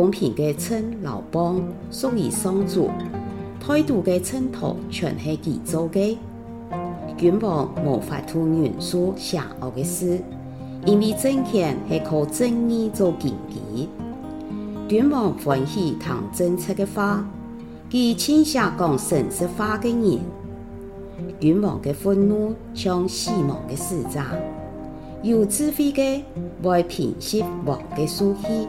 公平嘅秤劉邦屬於喪族，胎度嘅秤頭全係佢做嘅。卷王無法吐元書邪惡嘅事，因為政權係靠正義做根基。卷王歡喜聽政策嘅話，佢簽下講盛世話嘅人。卷王嘅憤怒像死亡嘅使者，有智慧嘅為平息王嘅怒氣。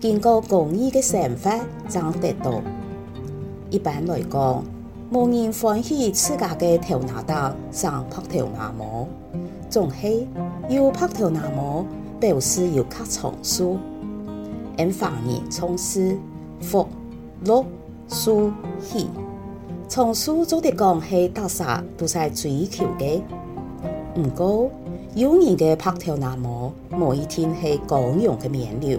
經過工衣個想法爭得多。一般來講，無人歡喜自家嘅頭拿大，上拍頭拿膜。總係要拍頭拿膜，表示有卡常識。人凡人重視福祿壽喜，從蘇州嘅講係大家都在追求嘅。唔過，有人個拍頭拿膜，每一天係光榮的冕旒。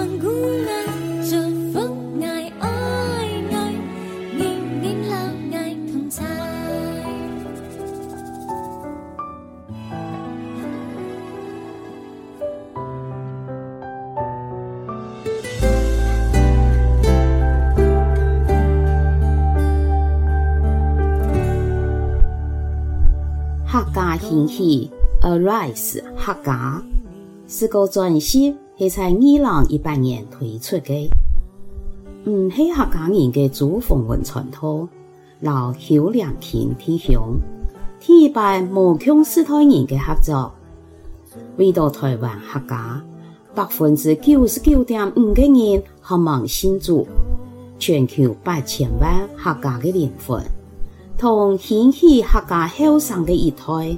興起，Arise，客家是個專戲，是在二零一八年推出的。唔、嗯、係客家人的祖風文傳統，老小良慶天雄天拜武康四代人的合作，味到台灣客家百分之九十九點五個人渴望先祖，全球八千萬客家嘅靈魂，同興起客家向上嘅一台。